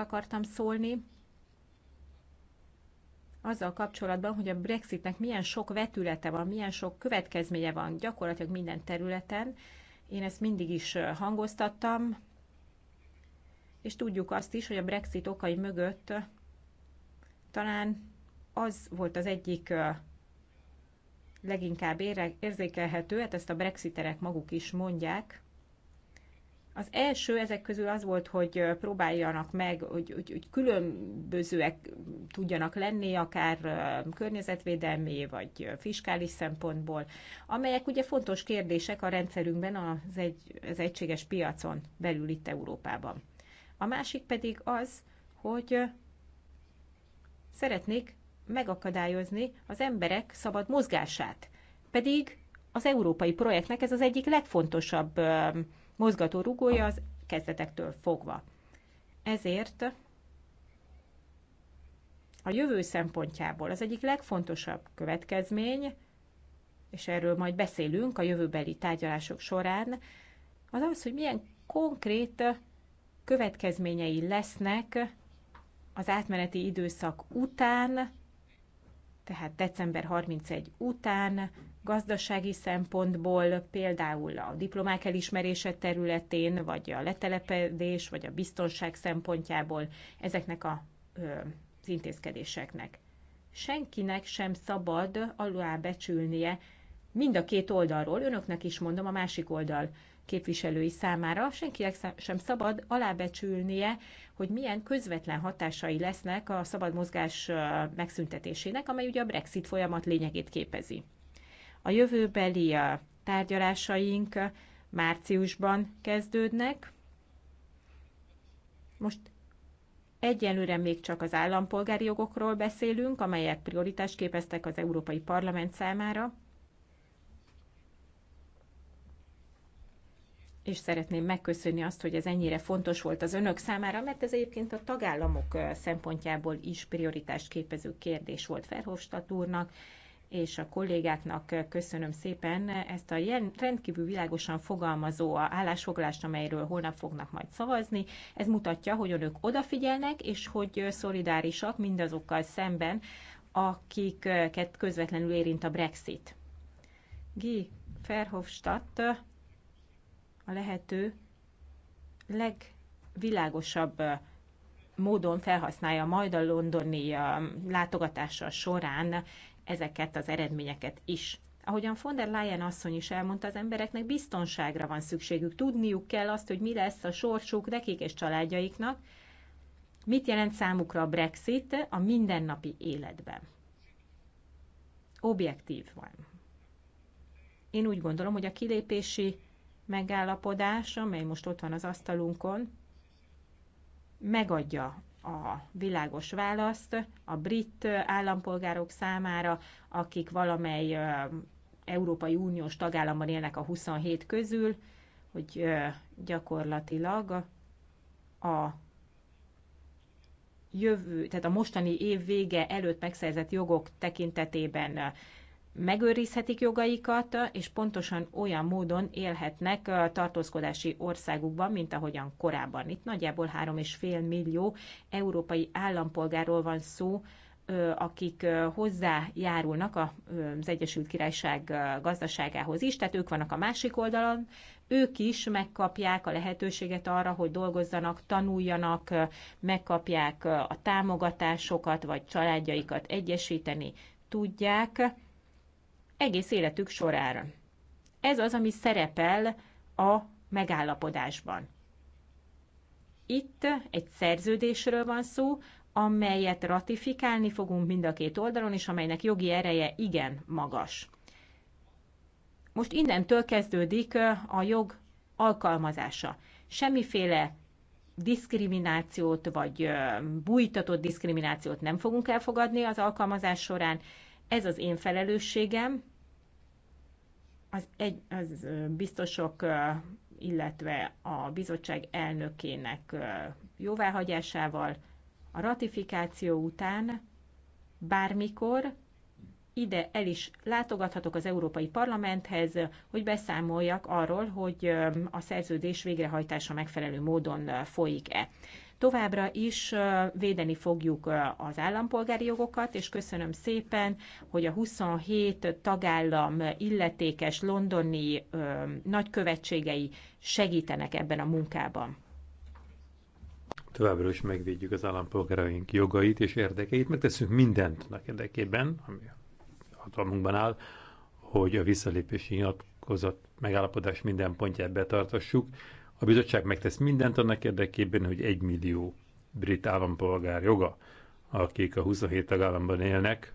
akartam szólni azzal kapcsolatban, hogy a Brexitnek milyen sok vetülete van, milyen sok következménye van gyakorlatilag minden területen. Én ezt mindig is hangoztattam, és tudjuk azt is, hogy a Brexit okai mögött talán az volt az egyik leginkább érzékelhető, hát ezt a brexiterek maguk is mondják, az első ezek közül az volt, hogy próbáljanak meg, hogy, hogy, hogy különbözőek tudjanak lenni, akár környezetvédelmi vagy fiskális szempontból, amelyek ugye fontos kérdések a rendszerünkben, az, egy, az egységes piacon belül itt Európában. A másik pedig az, hogy szeretnék megakadályozni az emberek szabad mozgását. Pedig az európai projektnek ez az egyik legfontosabb mozgató rugója az kezdetektől fogva. Ezért a jövő szempontjából az egyik legfontosabb következmény, és erről majd beszélünk a jövőbeli tárgyalások során, az az, hogy milyen konkrét következményei lesznek az átmeneti időszak után, tehát december 31 után gazdasági szempontból, például a diplomák elismerése területén, vagy a letelepedés, vagy a biztonság szempontjából ezeknek a, az intézkedéseknek. Senkinek sem szabad alábecsülnie mind a két oldalról, önöknek is mondom, a másik oldal képviselői számára, senkinek sem szabad alábecsülnie, hogy milyen közvetlen hatásai lesznek a szabad mozgás megszüntetésének, amely ugye a Brexit folyamat lényegét képezi. A jövőbeli tárgyalásaink márciusban kezdődnek. Most Egyelőre még csak az állampolgári jogokról beszélünk, amelyek prioritást képeztek az Európai Parlament számára. És szeretném megköszönni azt, hogy ez ennyire fontos volt az önök számára, mert ez egyébként a tagállamok szempontjából is prioritást képező kérdés volt Ferhofstadt úrnak, és a kollégáknak eh, köszönöm szépen ezt a rendkívül világosan fogalmazó állásfoglalást, amelyről holnap fognak majd szavazni. Ez mutatja, hogy önök odafigyelnek, és hogy eh, szolidárisak mindazokkal szemben, akiket közvetlenül érint a Brexit. Guy Verhofstadt a lehető legvilágosabb eh, módon felhasználja majd a londoni látogatása során ezeket az eredményeket is. Ahogyan von der Leyen asszony is elmondta, az embereknek biztonságra van szükségük. Tudniuk kell azt, hogy mi lesz a sorsuk nekik és családjaiknak, mit jelent számukra a Brexit a mindennapi életben. Objektív van. Én úgy gondolom, hogy a kilépési megállapodás, amely most ott van az asztalunkon, megadja a világos választ a brit állampolgárok számára, akik valamely Európai Uniós tagállamban élnek a 27 közül, hogy gyakorlatilag a jövő, tehát a mostani év vége előtt megszerzett jogok tekintetében megőrizhetik jogaikat, és pontosan olyan módon élhetnek tartózkodási országukban, mint ahogyan korábban. Itt nagyjából 3,5 millió európai állampolgárról van szó, akik hozzájárulnak az Egyesült Királyság gazdaságához is, tehát ők vannak a másik oldalon, ők is megkapják a lehetőséget arra, hogy dolgozzanak, tanuljanak, megkapják a támogatásokat, vagy családjaikat egyesíteni tudják egész életük során. Ez az, ami szerepel a megállapodásban. Itt egy szerződésről van szó, amelyet ratifikálni fogunk mind a két oldalon, és amelynek jogi ereje igen magas. Most innentől kezdődik a jog alkalmazása. Semmiféle diszkriminációt vagy bújtatott diszkriminációt nem fogunk elfogadni az alkalmazás során, ez az én felelősségem, az, egy, az biztosok, illetve a bizottság elnökének jóváhagyásával a ratifikáció után bármikor ide el is látogathatok az Európai Parlamenthez, hogy beszámoljak arról, hogy a szerződés végrehajtása megfelelő módon folyik-e. Továbbra is védeni fogjuk az állampolgári jogokat, és köszönöm szépen, hogy a 27 tagállam illetékes londoni nagykövetségei segítenek ebben a munkában. Továbbra is megvédjük az állampolgáraink jogait és érdekeit, mert teszünk mindent annak érdekében, ami hatalmunkban áll, hogy a visszalépési nyilatkozat megállapodás minden pontját betartassuk, a bizottság megtesz mindent annak érdekében, hogy egy millió brit állampolgár joga, akik a 27 tagállamban élnek,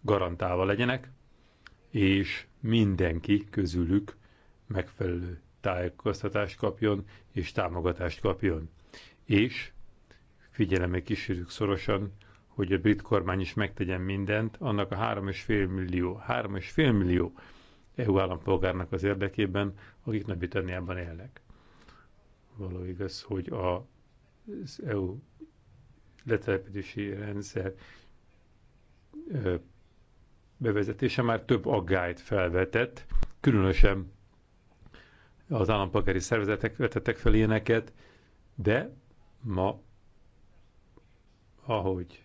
garantálva legyenek, és mindenki közülük megfelelő tájékoztatást kapjon és támogatást kapjon. És figyelemmel kísérjük szorosan, hogy a brit kormány is megtegyen mindent, annak a 3,5 millió, 3,5 millió EU állampolgárnak az érdekében, akik Nagy-Britanniában élnek való igaz, hogy a, az EU letelepedési rendszer bevezetése már több aggályt felvetett, különösen az állampolgári szervezetek vetettek fel ilyeneket, de ma, ahogy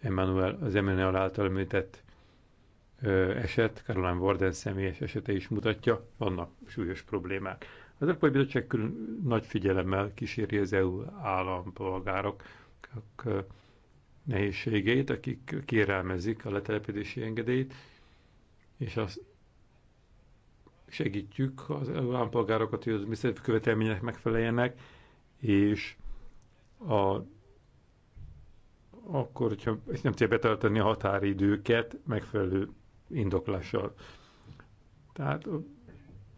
Emmanuel, az Emmanuel által említett eset, Caroline Warden személyes esete is mutatja, vannak súlyos problémák. Az Európai Bizottság külön nagy figyelemmel kíséri az EU állampolgárok nehézségeit, akik kérelmezik a letelepedési engedélyt, és azt segítjük az EU állampolgárokat, hogy az miniszteri követelmények megfeleljenek, és a, akkor, hogyha nem tudja betartani a határidőket, megfelelő indoklással. Tehát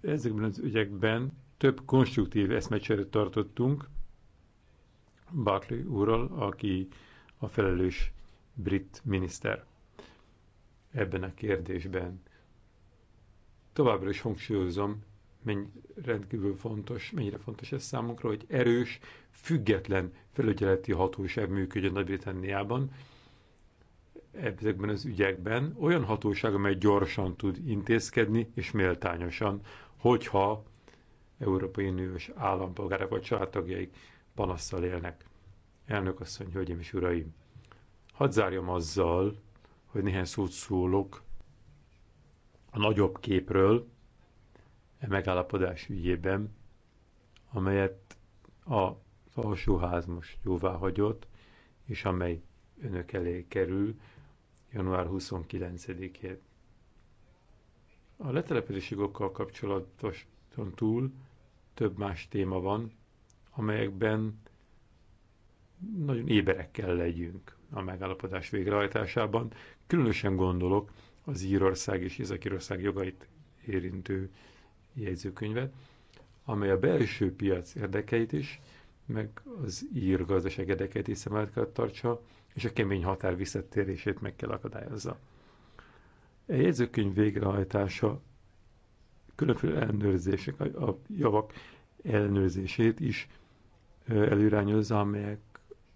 ezekben az ügyekben több konstruktív eszmecserét tartottunk Barclay úrral, aki a felelős brit miniszter ebben a kérdésben. Továbbra is hangsúlyozom, mennyi rendkívül fontos, mennyire fontos ez számunkra, hogy erős, független felügyeleti hatóság működjön Nagy-Britanniában, ezekben az ügyekben olyan hatóság, amely gyorsan tud intézkedni, és méltányosan, hogyha Európai Uniós állampolgárok vagy családtagjaik panasszal élnek. Elnök asszony, hölgyeim és uraim! Hadd zárjam azzal, hogy néhány szót szólok a nagyobb képről, e megállapodás ügyében, amelyet a alsóház most jóvá hagyott, és amely önök elé kerül január 29-én. A letelepedési okkal kapcsolatosan túl több más téma van, amelyekben nagyon éberek kell legyünk a megállapodás végrehajtásában. Különösen gondolok az Írország és észak jogait érintő jegyzőkönyvet, amely a belső piac érdekeit is, meg az ír gazdaság érdekeit is szem kell tartsa, és a kemény határ visszatérését meg kell akadályozza. A e jegyzőkönyv végrehajtása különféle ellenőrzések, a javak ellenőrzését is előirányozza, amelyek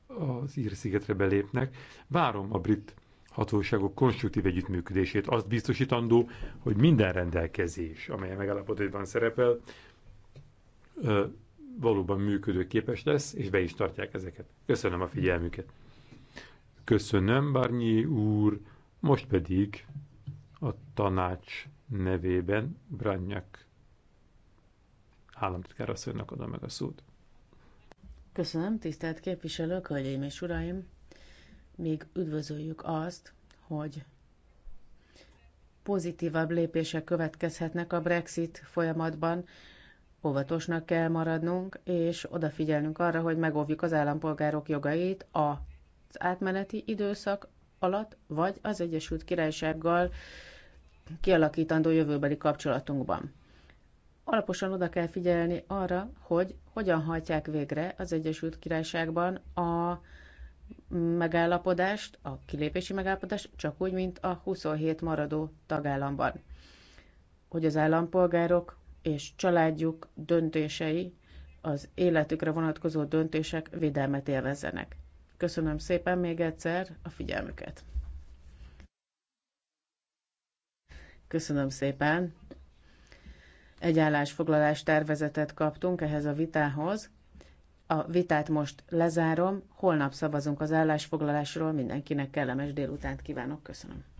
az Ír-szigetre belépnek. Várom a brit hatóságok konstruktív együttműködését, azt biztosítandó, hogy minden rendelkezés, amely a megállapodásban szerepel, valóban működőképes lesz, és be is tartják ezeket. Köszönöm a figyelmüket. Köszönöm, Barnyi úr, most pedig a tanács nevében Branyak asszonynak adom meg a szót. Köszönöm, tisztelt képviselők, hölgyeim és uraim! Még üdvözöljük azt, hogy pozitívabb lépések következhetnek a Brexit folyamatban, óvatosnak kell maradnunk, és odafigyelnünk arra, hogy megóvjuk az állampolgárok jogait az átmeneti időszak alatt, vagy az Egyesült Királysággal kialakítandó jövőbeli kapcsolatunkban. Alaposan oda kell figyelni arra, hogy hogyan hajtják végre az Egyesült Királyságban a megállapodást, a kilépési megállapodást, csak úgy, mint a 27 maradó tagállamban. Hogy az állampolgárok és családjuk döntései, az életükre vonatkozó döntések védelmet élvezzenek. Köszönöm szépen még egyszer a figyelmüket! Köszönöm szépen. Egy állásfoglalás tervezetet kaptunk ehhez a vitához. A vitát most lezárom, holnap szavazunk az állásfoglalásról, mindenkinek kellemes délutánt kívánok, köszönöm.